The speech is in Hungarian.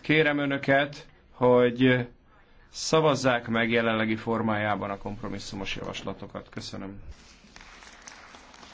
Kérem önöket, hogy szavazzák meg jelenlegi formájában a kompromisszumos javaslatokat. Köszönöm.